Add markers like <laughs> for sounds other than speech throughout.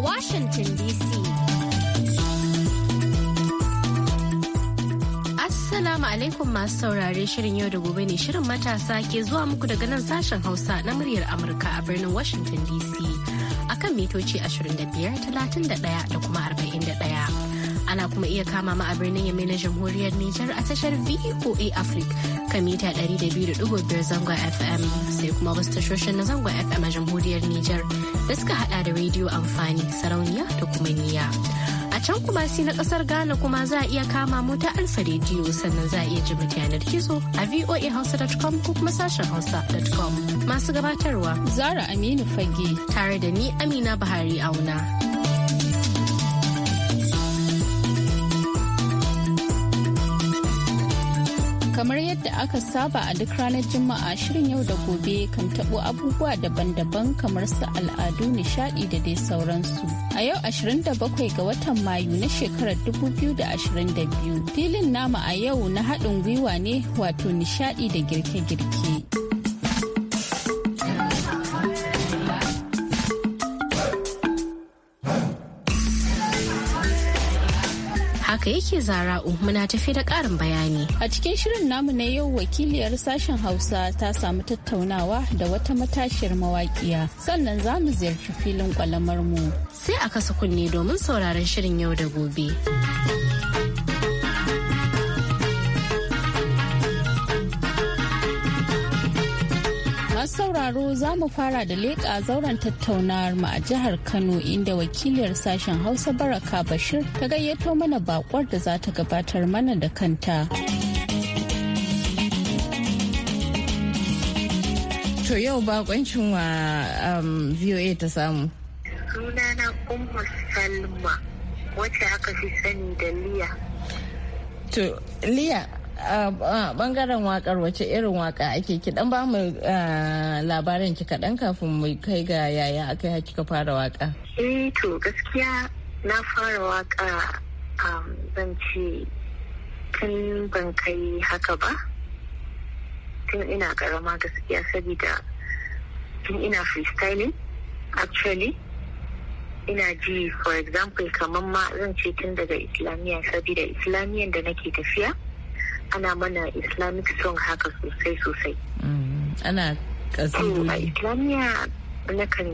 Washington DC. Assalamu alaikum masu saurare shirin yau da gobe ne shirin matasa ke zuwa muku daga nan sashen Hausa na muryar Amurka a birnin Washington DC akan mitoci 25,31 da kuma 41. ana kuma iya kama ma a birnin yamai na jamhuriyar Nijar a tashar VOA Africa kan mita 200.5 zangon FM sai kuma wasu tashoshin na zangon FM a jamhuriyar Nijar da suka hada da rediyo amfani sarauniya da kuma niya. A can kuma si na kasar Ghana kuma za a iya kama mota ta alfa rediyo sannan za a iya ji yanar gizo a voahouse.com ko kuma sashen hausa.com masu gabatarwa. Zara Aminu Fage. Tare da ni Amina bahari Auna. Kamar yadda aka saba a duk ranar Juma'a shirin yau da gobe kan tabo abubuwa daban-daban kamar su al'adu, nishadi da dai sauransu. A yau 27 ga watan Mayu na shekarar 2022 filin nama a yau na haɗin gwiwa ne wato nishadi da girke-girke. haka yake zara'u muna tafi da ƙarin bayani. A cikin shirin namu na yau wakiliyar sashen Hausa ta samu tattaunawa da wata matashiyar mawaƙiya sannan za mu ziyarci filin mu. Sai a kasa kunne domin sauraron shirin yau da gobe. sauraro za mu fara da leƙa zauren tattaunawar mu a jihar Kano inda wakiliyar sashen Hausa Baraka Bashir ta gayyato mana bakwar da za ta gabatar mana da kanta. To yau bakoncin wa um, VOA ta samu. Sunana Umar Salma wacce aka fi sani da Liya. To Liya bangaren wakar wace irin waka ake kiɗan ba mu labarin ki kadan kafin mu kai ga yaya aka yi kika fara waka. e to gaskiya na fara waka um, zan ce tun ban kai haka ba tun ina karama gaskiya saboda tun ina freestyling actually ina ji for example kamar ma zan ce tun daga islamiyya saboda islamiyan da nake tafiya ana mana islamic song haka sosai sosai mm-hmm. ana kasidu oh, a islamiyya na kan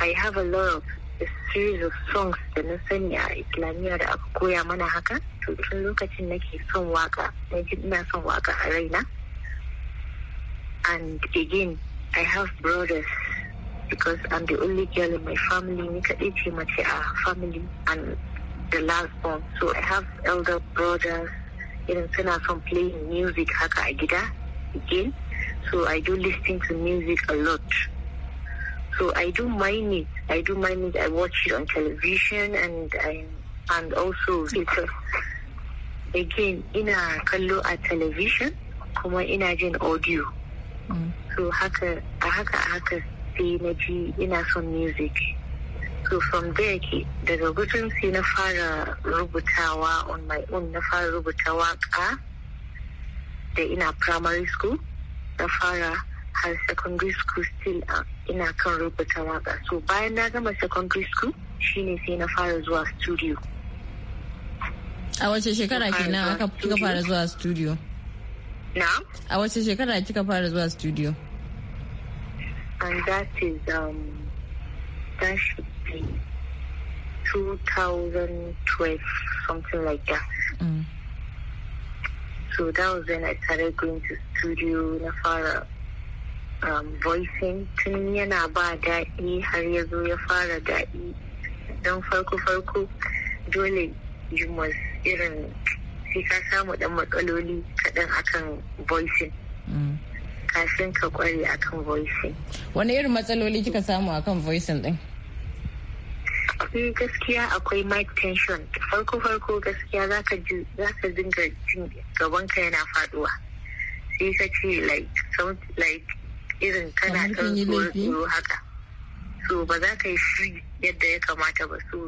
i have a lot of a series of songs da na sani a islamiyya da aka koya mana haka to tun lokacin nake son waka na ji ina son waka a raina and again i have brothers because i'm the only girl in my family ni kaɗai ce mace a family and the last born so i have elder brothers irin suna son playing music haka a gida again so i do listening to music a lot so i do mine it i do mine it i watch it on television and I, and also theater again ina kallo a television kuma ina jin audio mm. so haka a haka a haka sai na ji ina son music so from there ke daga gudun sai na fara rubutawa on my own na fara rubuta waka da ina primary school na fara har secondary school still uh, ina kan rubuta waka so bayan na gama secondary school shine sai na fara zuwa studio a wace shekara kenan aka kika fara zuwa studio na a wace shekara kika fara zuwa studio and that is um that should 2012, something like that. Mm. So that was when I started going to studio na um, voicing tun yana ba daɗi har ya zo ya fara daɗi don farko-farko dole you must irin sai ka samu ɗan matsaloli kaɗan akan voicing. Mm. kafin ka kware akan voicing. Wani irin matsaloli kika samu akan voicing ɗin. gaskiya akwai mic tension farko farko gaskiya za ka dinga jin gabanka yana faduwa sai ka ce like sound like irin kana kan tsoro haka so ba za ka yi shi yadda ya kamata ba so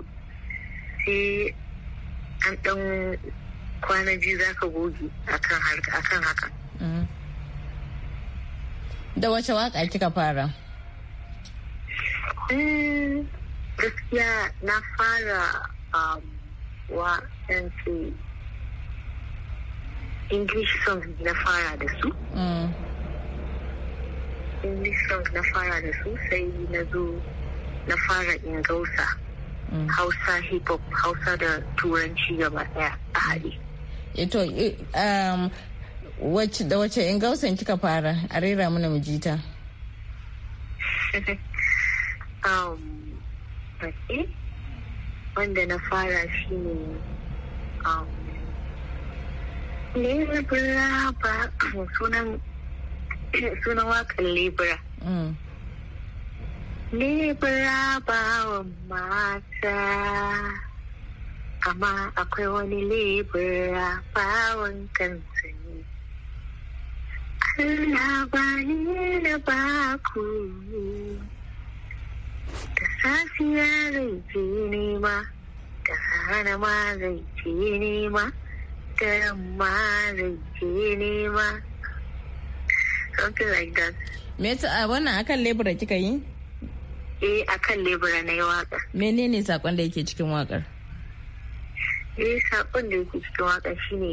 sai an dan kwana ji za ka goge akan haka mm-hmm. da wace waka kika fara mm, gaskiya na fara um, wa yansu english songs na fara da su mm. english songs na fara da su sai na zo na fara in gausa mm. hausa hip hop hausa da turanci gaba daya a haɗe ito eh, eh, um, da wacce in gausan kika fara a rera mana mijita <laughs> um, baƙi wanda na fara shi ne um, Libra ba <coughs> sunan wakan <coughs> Libra. Mm. Libra ba wa mata amma akwai wani Libra bawan kansa ne. Allah ba ni na baku. da safiya zai je nema da rana ma zai je nema da yamma zai je nema something like that me ta wannan akan lebura kika yi eh akan lebura na yi waka menene sakon da yake cikin wakar eh sakon da yake cikin waka shine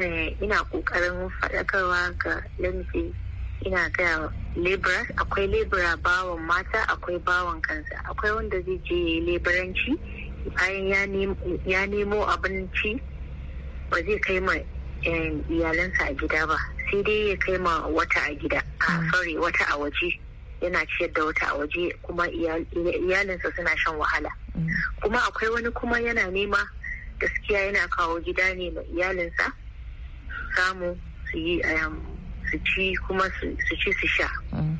eh, ina kokarin faɗakarwa ga lamfi ina gaya laborers akwai labora bawan mata akwai bawan kansa akwai wanda zai je ya yi laboranci bayan ya nemo abinci ba zai kai ma eh, iyalansa a gida ba sai dai ya kai ma wata a gida a ah, mm. sorry wata a waje yana ciyar da wata a waje kuma iyalinsa suna shan wahala mm. kuma akwai wani kuma yana nema gaskiya yana kawo gida ne ma iyalinsa samu su yi um, su ci kuma su ci su sha mm.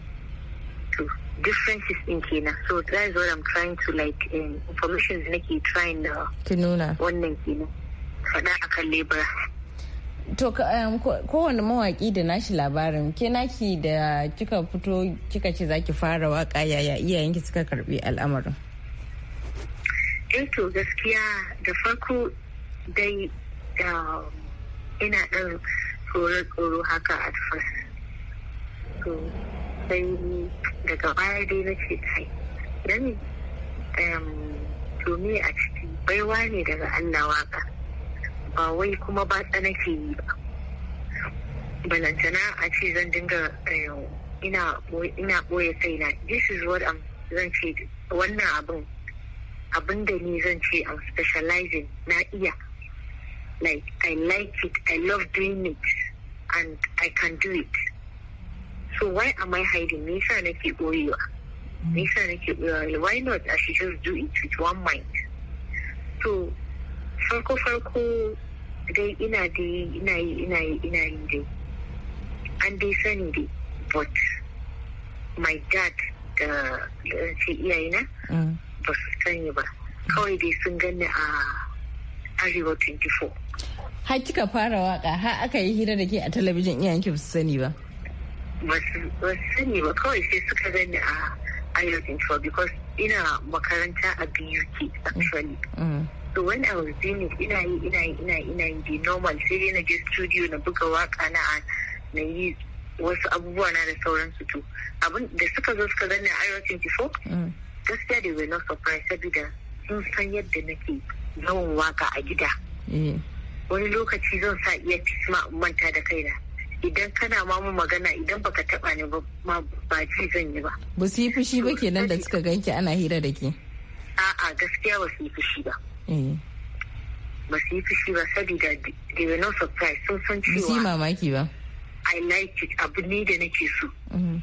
differences in kena so that is what I'm trying to like in um, information da nake trying na nuna wannan kenan faɗa akan labor to um, kowane mawaki da nashi labarin ke naki da kika fito kika ce zaki fara waka yaya iyayenki suka karɓi al'amarin eh to gaskiya da farko dai um, ina ɗan tsoro-tsoro haka a so sai daga baya dai na ce kai don to a ciki baiwa ne daga Allah waka ba wai kuma ba tsanake yi ba balantana a ce zan dinga ina ɓoye kaina this is what I'm zan ce wannan abin abin da ni zan ce I'm specializing na iya like I like it I love doing it and I can do it. So why am I hiding? Nisa and to keep you. Me Why not? I should just do it with one mind. So, farko farko dai ina dai ina yi ina yi ina yi dai. An dai sani dai. But my dad the ce iyayena ba su sani ba. Kawai dai sun 24. har kika fara waka har aka yi hira da ke a talabijin iyayenki ba su sani ba ba su sani ba kawai sai suka gani a ayyukan for because ina makaranta a BUK actually mm. so when I was doing it ina yi ina yi ina yi ina yi the normal sai dai na je studio na buga waka na na yi wasu abubuwa na da sauransu to abin da suka zo suka gani a ayyukan for mm. gaskiya they were not surprised sabida sun san yadda nake yawan waka a gida eh. wani lokaci zan sa iya ma manta da kaina idan kana ma mu magana idan baka taba ni ba ba ji zan yi ba ba su yi fushi ba kenan da suka ganki ana hira da ke a'a gaskiya ba su yi fushi ba eh. ba su yi fushi ba sabida they were no surprise sun san cewa ba su yi mamaki ba i like it abu ne da nake so mm-hmm.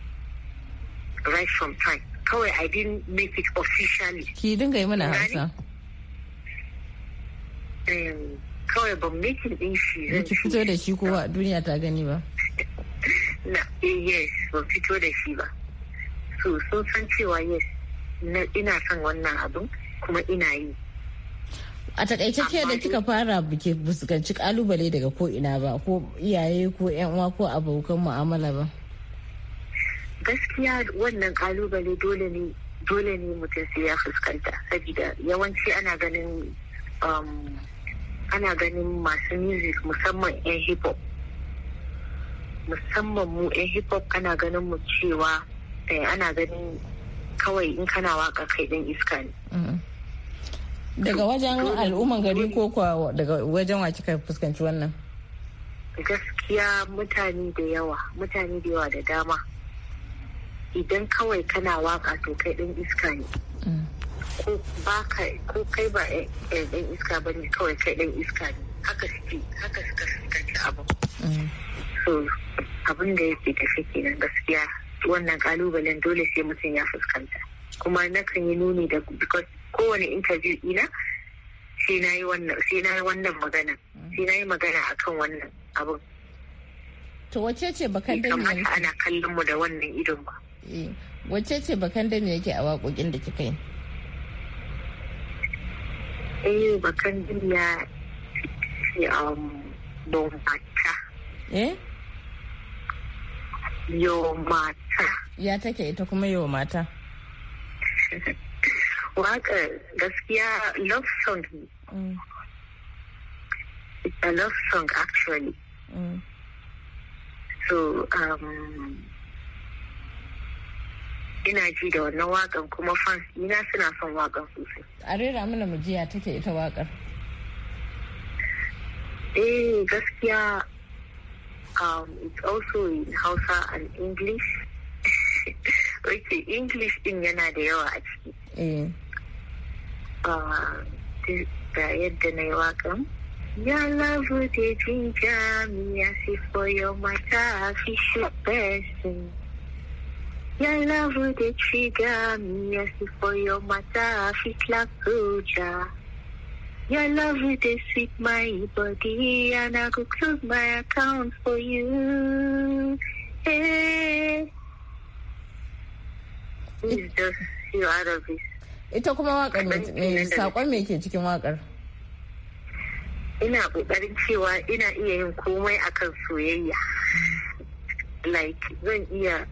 right from time kawai i didn't make it officially ki dinga yi mana hasa kawai ban mekin din shi zan ci fito da shi kowa duniya ta gani ba <laughs> na eh, yes ban fito da shi ba so sun san cewa yes na ina son wannan abin kuma ina yi a takaice ke da kika fara buke fuskanci kalubale daga ko ina ba ko iyaye ko yan uwa ko abokan mu'amala ba gaskiya wannan kalubale dole ne dole ne mutum sai ya fuskanta saboda yawanci ana ganin um, ana ganin masu music musamman 'yan hip hop musamman mu 'yan hip hop ana ganin mu cewa eh, ana ganin kawai in kana waka kai ɗin iska ne daga wajen al'umman gari ko kuwa daga wajen wa kika fuskanci wannan gaskiya mutane da yawa mutane da yawa da dama idan kawai kana waka to kai ɗan iska ne ko ba ka ko kai ba ɗin iska ba ne kawai kai ɗin iska ne haka suke haka suka fuskanci abu so abin da yake shi kenan gaskiya wannan kalubalen dole sai mutum ya fuskanta kuma nakan yi nuni da because kowane interview ina sai na yi wannan magana sai na yi magana akan wannan abin to wace ce bakan da ana kallon mu da wannan idon ba Eh, wacce ce bakan da me yake a waƙoƙin da kika yi eh bakan dinya ya ce don um, mata eh yo mata ya take ita kuma yo mata <laughs> waka gaskiya love song mm. it's a love song actually mm. so um ina ji da wannan wakan kuma fans ina suna son wakan sosai a mana mujiya take ita wakar eh gaskiya um, it's also in hausa and english <laughs> okay english din yana da yawa a ciki eh ah, da yadda na yi wakan Your love would ginger me as if for your matter, fish your best. Yalla rude sifoyo mata afitla kuja. Your my body and I could close my account for you. Eh. Ita kuma wakar saƙon me ke cikin wakar? Ina ƙoƙarin cewa ina iya yin komai akan soyayya. Mm. Like zan iya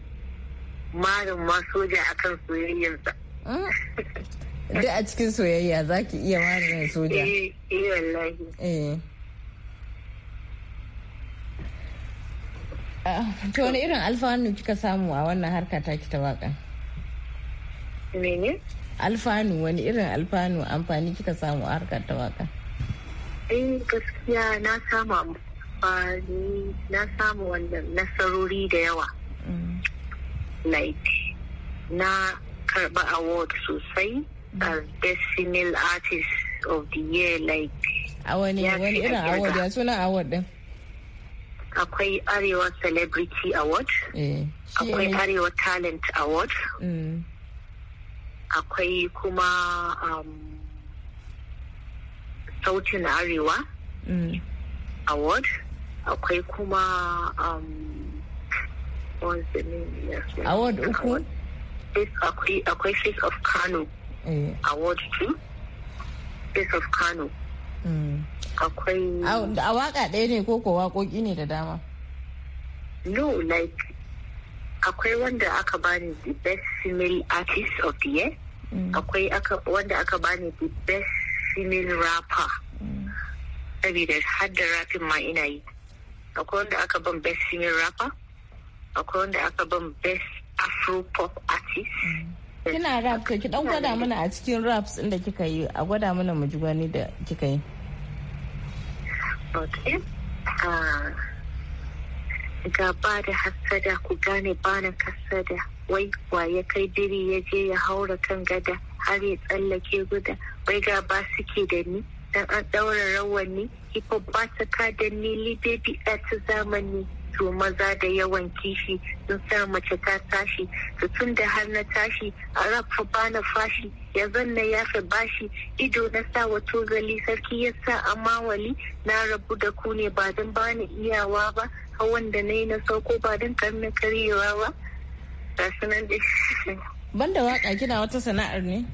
malam ma soja akan soyayyarsa. Duk a cikin soyayya za ki iya malam soja. Eh, eh wallahi. Eh. Ah, to wani irin alfanu kika samu a wannan harka ta ki ta waka? Mene? Alfanu wani irin alfanu amfani kika samu a harkar ta waka? Eh gaskiya na samu amfani na samu wannan nasarori da yawa. Mm. like na karba award sosai as best female artist of the year like a wani irin award ya suna award din akwai arewa celebrity award eh, akwai arewa talent award mm. akwai kuma um, sautin arewa mm. award akwai kuma um, Akwai Face of Kano. Eh. Hmm. ɗaya ne ko ko ne da dama? No, like akwai wanda aka bani the best female artist of the year. Mm. Akwai wanda aka bani the best female rapper. Hmm. Saboda har da yi. Akwai wanda aka ban best female rapper. akwai wanda aka ban best afro pop artist mm. kina rap ka ki dan gwada mana a cikin raps inda kika yi a gwada mana mu ji gwani da kika yi ah, gaba da hasada ku gane bana kasada wai waye kai biri ya je ya haura kan gada har ya tsallake guda wai gaba suke da ni dan an ɗaura rawani hip hop ba ta da nili baby a ta zamani to maza da yawan kishi sun sa mace ta tashi to tun da har na tashi a rafa ba na fashi ya zanna ya fi bashi ido na sa wa togali sarki ya sa a mawali na rabu da ku ne ba don ba ni iyawa ba hawan da na yi na sauko ba don karni karyewa ba ga sunan da banda waka kina wata sana'ar ne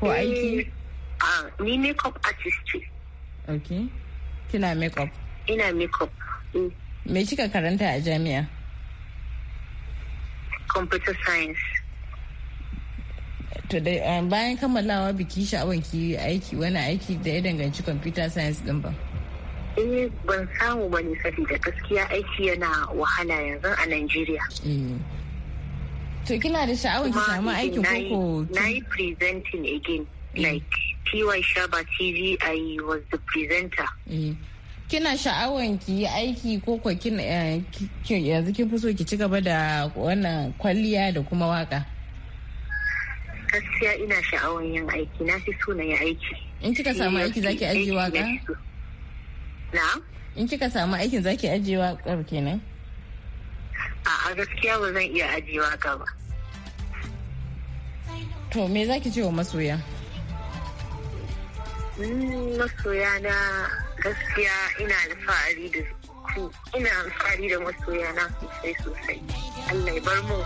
ko aiki eh, Ah, ni makeup artist ce ok kina makeup ina makeup mm. me kika karanta a jami'a computer science to da um, bayan kammalawa biki sha'awar ki aiki wani aiki da ya danganci computer science din ba eh ban samu ba ne saboda gaskiya aiki yana wahala yanzu a Najeriya eh. to kina da sha'awar ki samu aikin koko na yi presenting again eh. like PY Shaba TV I was the presenter. Eh. Kina sha'awan ki yi aiki ko ko eh, yanzu kin fi so ki ci gaba da wannan kwalliya da kuma waka? Gaskiya ina sha'awan yin aiki na fi so na yi aiki. In kika samu eh, aiki zaki ajiye waka? Na? In kika samu aikin zaki ajiye waka kenan? a gaskiya ba zan iya ajiye waka ba. To me zaki ce wa masoya? masoya na gaskiya ina alfahari da su ina alfahari da masoya na sosai sosai Allah ya bar mu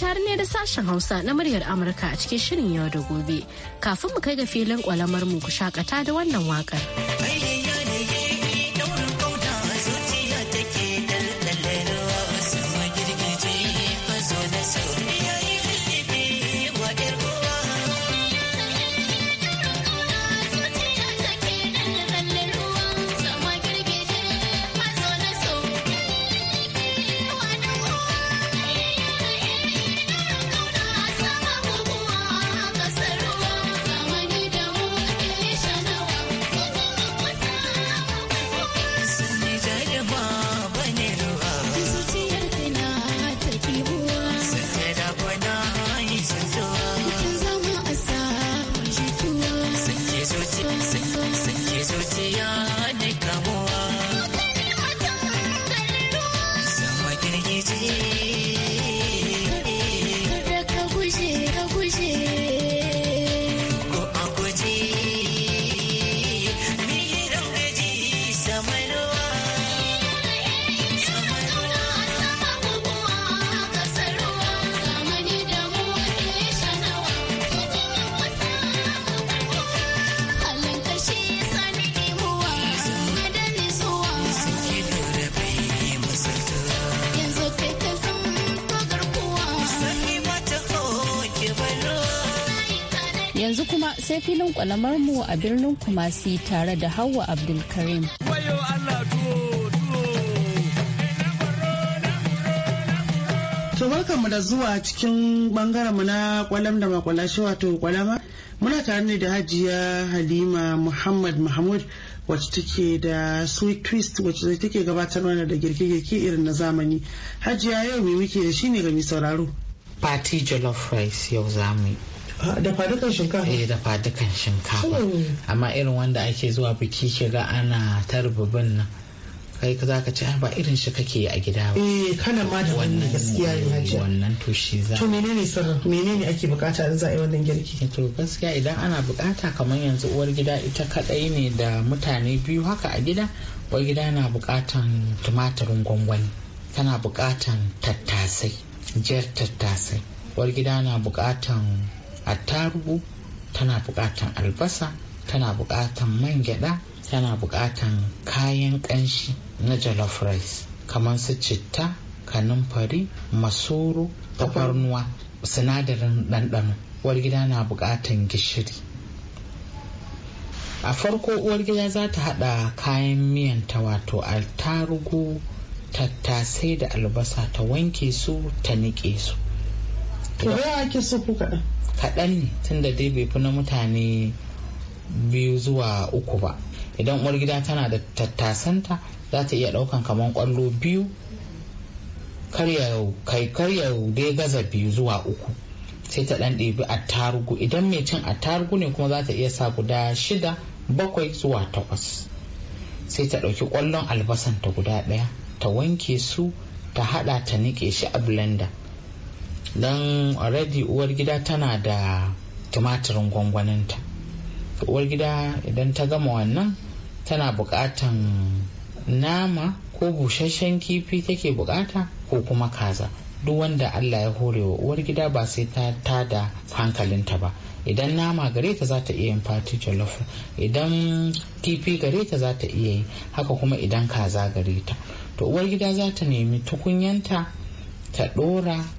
tare ne da sashen Hausa na muryar Amurka a cikin shirin yau da gobe. Kafin mu kai ga filin kwalamar mu ku shakata da wannan waƙar. sai filin kwalamar mu a birnin Kumasi tare da Hauwa Abdulkarim. To mu da zuwa cikin bangaren mu na kwalam da makwalashi wato kwalama muna tare ne da hajiya Halima Muhammad Mahmud wacce take da sweet twist wacce take gabatar mana da girke-girke irin na zamani. Hajiya yau mai muke da shi ne ga mai sauraro. Party jollof rice yau zamu yi. da dukan shinkafa eh da dukan shinkafa amma irin wanda ake zuwa biki kiga ana tarbubin nan kai ka zaka ci ba irin shi kake a gida ba eh kana ma da wannan gaskiya ne haji wannan to shi za to menene sir menene ake bukata in za a yi wannan girki eh, to gaskiya idan ana bukata kamar yanzu uwar gida ita kadai ne da mutane biyu haka a gida uwar gida na bukatan tumatirin gwangwani tana bukatan tattasai jar tattasai uwar gida na bukatan attarugu tana buƙatan albasa tana buƙatan man gyaɗa tana buƙatan kayan ƙanshi na jollof rice kamar su citta kanumfari masoro tafarnuwa sinadarin ɗanɗano uwar gida na buƙatan gishiri a farko uwar gida za ta haɗa kayan miyanta wato altarugu tattasai da albasa ta wanke su ta niƙe su. ake so kaɗan? kaɗan ne da dai bai fi na mutane biyu zuwa uku ba idan uwar gida tana da tattasanta za ta iya ɗaukan kamar ƙwallo biyu karyau dai gaza biyu zuwa uku sai ta ɗan ɗebi attarugu idan mai cin attarugu ne kuma za ta iya sa guda shida bakwai zuwa takwas sai ta ɗauki ƙwallon albasan ta guda ɗaya ta wanke su ta haɗa ta niƙe shi a blender don already uwar gida tana da tumatirin gwangwaninta uwar gida idan ta gama wannan tana buƙatan nama ko busasshen kifi take bukata ko kuma kaza duk wanda allah ya hore wa uwar gida ba sai ta tada hankalinta ba idan nama gare ta za ta iya yin fati jollof idan kifi gare ta za ta iya yi haka kuma idan kaza gare ta to uwar gida za ta nemi tukunyanta ta ɗora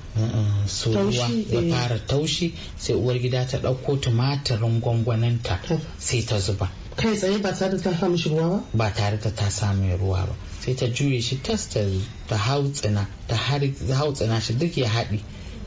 so ya eh. fara taushi sai uwar gida ta ɗauko tumatirin gwangwaninta sai ta zuba kai tsaye ba tare da ta samu shi ruwa ba ba tare da ta samu ruwa ba sai ta juye shi tas ta hautsina ta hautsina shi duk ya haɗi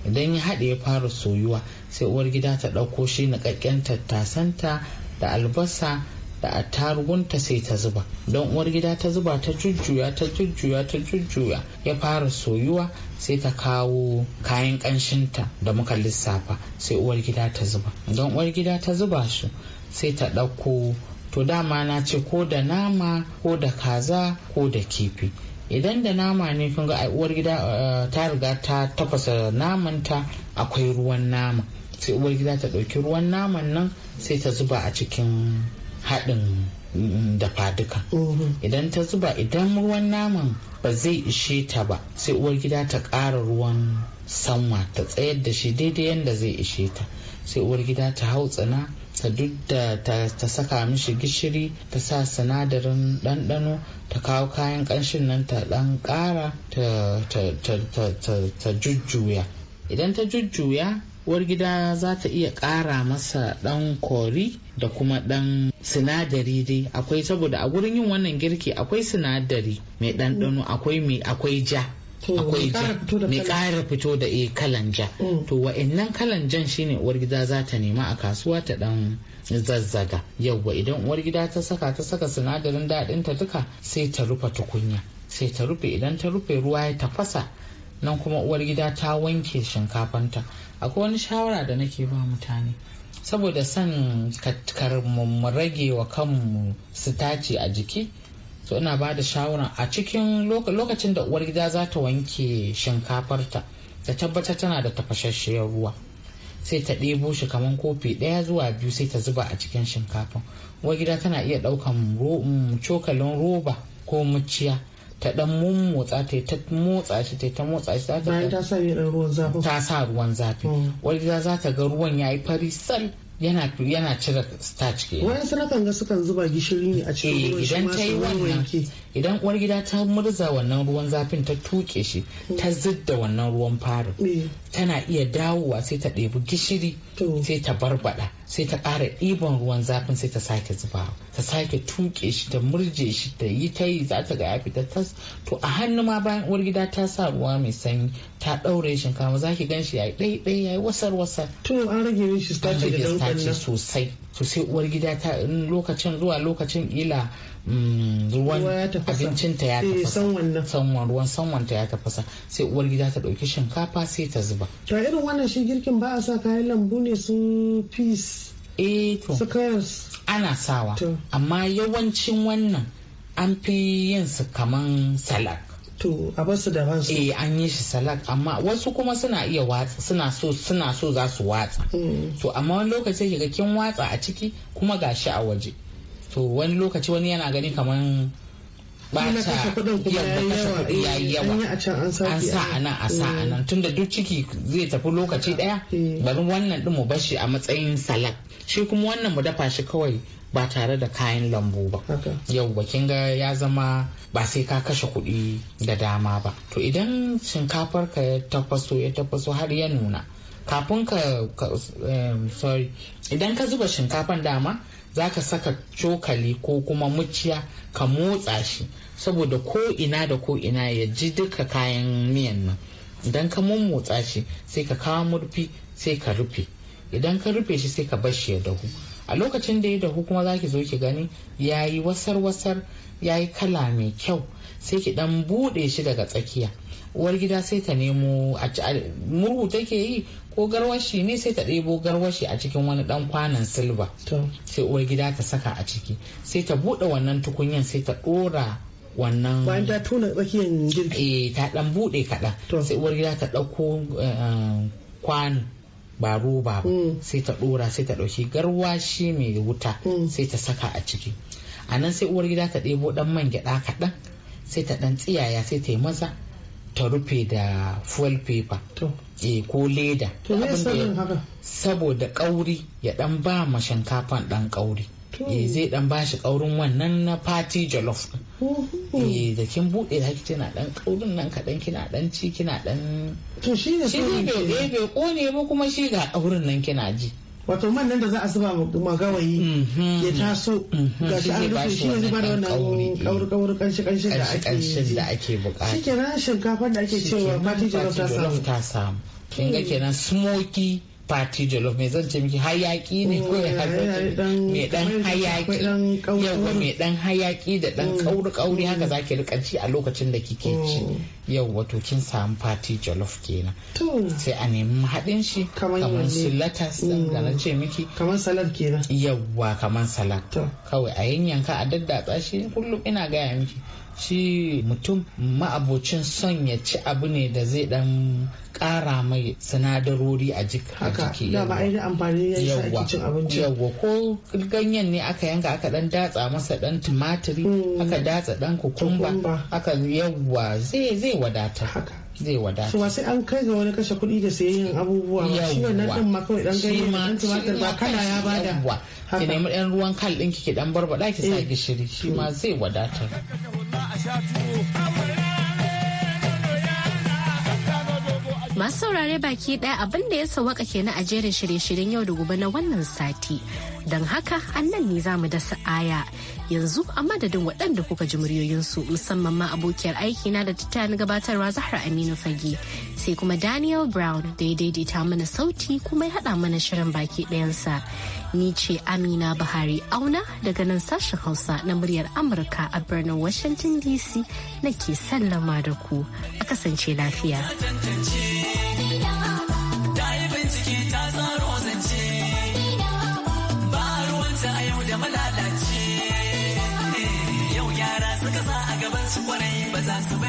idan ya haɗe ya fara soyuwa sai uwar gida ta ɗauko shi niƙaƙƙen tattasanta da albasa da attarugunta sai ta zuba don uwar gida ta zuba ta jujjuya ta jujjuya ta jujjuya ya fara soyuwa sai ta kawo kayan kanshinta da muka lissafa sai uwar gida ta zuba don uwar gida ta zuba su sai ta ɗauko to dama na ce ko da nama ko da kaza ko da kifi idan da nama ne kun ga uwar gida eh, ta riga ta tafasa namanta akwai ruwan nama sai uwar gida ta ɗauki ruwan naman nan sai ta zuba a cikin haɗin dafa duka mm-hmm. idan ta zuba idan ruwan naman ba zai ishe ta ba sai uwar gida ta ƙara ruwan sanwa ta tsayar da shi daidai yadda zai ishe ta sai uwar gida ta hau tsana ta duk da ta saka mishi gishiri ta sa sinadarin ɗanɗano ta kawo kayan ƙanshin nan ta ɗan ƙara ta jujjuya idan ta jujjuya uwar gida za ta iya ƙara masa ɗan kori da kuma ɗan sinadari dai akwai saboda a gurin yin wannan girki akwai sinadari mai ɗanɗano akwai mai akwai ja akwai mai ƙara fito da e kalan ja mm. to wa'annan kalan jan shine uwar gida za ta nema a kasuwa ta dan zazzaga yawwa idan uwar gida ta saka ta saka sinadarin daɗin ta duka sai ta rufe tukunya sai ta rufe idan ta rufe ruwa ya tafasa nan kuma uwar gida ta wanke shinkafanta akwai wani shawara da nake ba mutane saboda son mu rage wa kanmu su tace a jiki so ina ba da shawara a cikin lokacin da uwar gida za ta wanke shinkafarta ta tabbatar tana da tafashasshiyar ruwa sai ta ɗebo shi kamar kofi ɗaya zuwa biyu sai ta zuba a cikin shinkafa uwar gida tana iya ɗaukan mm, cokalin roba ko muciya ta dan motsa ta ta motsa shi ta ta motsa shi ta ta sa ruwan zafi ta sa ruwan zafi mm. wani za ta ga ruwan yayi fari sal yana cire starch ke wani sanakan ga sukan zuba gishiri ne a cikin eh, ruwan shi ta yi wannan idan uwar gida ta murza wannan ruwan zafin ta tuke shi hmm. ta zidda wannan ruwan farin eh. tana iya dawowa sai ta ɗebi gishiri sai ta barbada sai ta ƙara ɗiban ruwan zafin sai ta sake zuba ta sake tuke shi ta murje shi ta yi ta yi za ta ga ya fita tas to a hannu ma bayan uwar gida ta sa ruwa mai sanyi ta ɗaure shinkafa za ki gan shi ya yi ɗaiɗai ya yi wasar wasar to an rage shi starch da ta ce sosai sosai uwar gida ta lokacin zuwa lokacin ila mm, ruwan abincinta ya eh, tafasa sanwan ruwan sanwanta ya tafasa sai uwar gida ta dauki shinkafa sai ta zuba to irin wannan shi girkin ba a sa kayan lambu ne su peas eh to ana sawa amma yawancin wannan an fi yin su kaman salad to a basu da ransu eh an yi shi salak amma wasu kuma suna iya watsa suna so suna so za su watsa mm. to amma wani lokaci kiga kin watsa a ciki kuma gashi a waje to wani lokaci wani yana gani kamar ba ta kashe kuɗi ya yi eh, yawa an sa eh. a nan a sa a nan eh. tunda duk ciki zai tafi lokaci ɗaya bari wannan ɗin mu bashi a matsayin salad shi kuma wannan mu dafa shi kawai ba tare da kayan lambu ba yau kin ga ya zama ba sai ka kashe kuɗi da dama ba to idan shinkafar ka ya tafaso ya tafaso har ya nuna kafin ka sorry idan ka zuba shinkafan dama za ka saka cokali ko kuma muciya ka motsa shi saboda ko ina da ko ina ya ji duka kayan miyan nan idan ka mummotsa shi sai ka kawo murfi sai ka rufe idan ka rufe shi sai ka bar shi ya dahu a lokacin da ya dahu kuma za ki zo ki gani ya yi wasar-wasar ya yi kala mai kyau sai ki dan buɗe shi daga tsakiya uwar gida sai ta nemo murhu take yi ko garwashi ne sai ta ɗebo garwashi a cikin wani ɗan kwanan silba sai uwar gida ta saka a ciki sai ta buɗe wannan tukunyan sai ta ɗora wannan bayan ta tona tsakiyar jirgin eh ta dan bude kaɗan sai uwar gida ta ɗauko eh, kwano ba roba ba mm. sai ta ɗora sai ta ɗauki garwashi mai wuta mm. sai ta saka a ciki a nan sai uwar gida ta ɗebo ɗan man gyaɗa kaɗan sai ta ɗan tsiyaya sai ta yi maza ta rufe da fuel paper eh ko leda saboda kauri ya dan ba ma shinkafan dan kauri Eh, zai dan bashi kaurin wannan na party jollof eh, da kin buɗe da na dan kaurin nan kadan kina dan ci kina dan to shi ne shi bai eh, bai kone ba kuma shi ga kaurin nan kina ji wato man nan da za a zuba magawayi. Mhm. ya taso mhm. ga shi an rufe shi ne zuba da wannan kauri kanshi kanshi da ake da ake bukata shikenan shinkafar da ake cewa party jollof ta samu kin ga hmm. kenan smoky fati jollof mai zan miki hayaki ne ko ya mai dan hayaki yau mai dan hayaki da dan kauri kauri haka zaki rika ci a lokacin da kike ci Yau wato kin samu fati jollof kenan sai a nemi haɗin shi kamar su latas da na ce miki kamar salad kenan yawa kamar salad kawai a yanyanka a daddatsa shi kullum ina gaya miki shi mutum ma'abocin son ya ci abu ne da zai dan kara mai sinadarori a jiki dama yawwa ko ganyen ne aka yanka aka dan datsa masa dan tumatiri hmm. aka datsa dan kukumba aka yawwa zai zai wadata zai wadata. Cewa sai an kai ga wani kashe kuɗi da sayayyan abubuwa ba shi wannan ɗin ma kawai ɗan ganye ɗan tumatir ba kana ya bada. Ki nemi ɗan ruwan kal ɗin ki dan barbada ki sa eh. gishiri shi ma hmm. zai wadatar. Masu saurare baki ɗaya abin da ya sawaka kenan a jerin shirye-shiryen yau da gobe na wannan sati. Don haka annan ne za mu dasa aya yanzu a madadin waɗanda kuka ji muryoyinsu musamman ma abokiyar aiki na da ta gabatarwa Zahra Aminu Fage sai kuma Daniel Brown da ya daidaita mana sauti kuma ya haɗa mana shirin baki ɗayansa. Ni ce Amina Buhari Auna daga nan sashen Hausa na muryar Amurka a birnin Washington DC na nake sallama da ku a kasance lafiya. as I survive.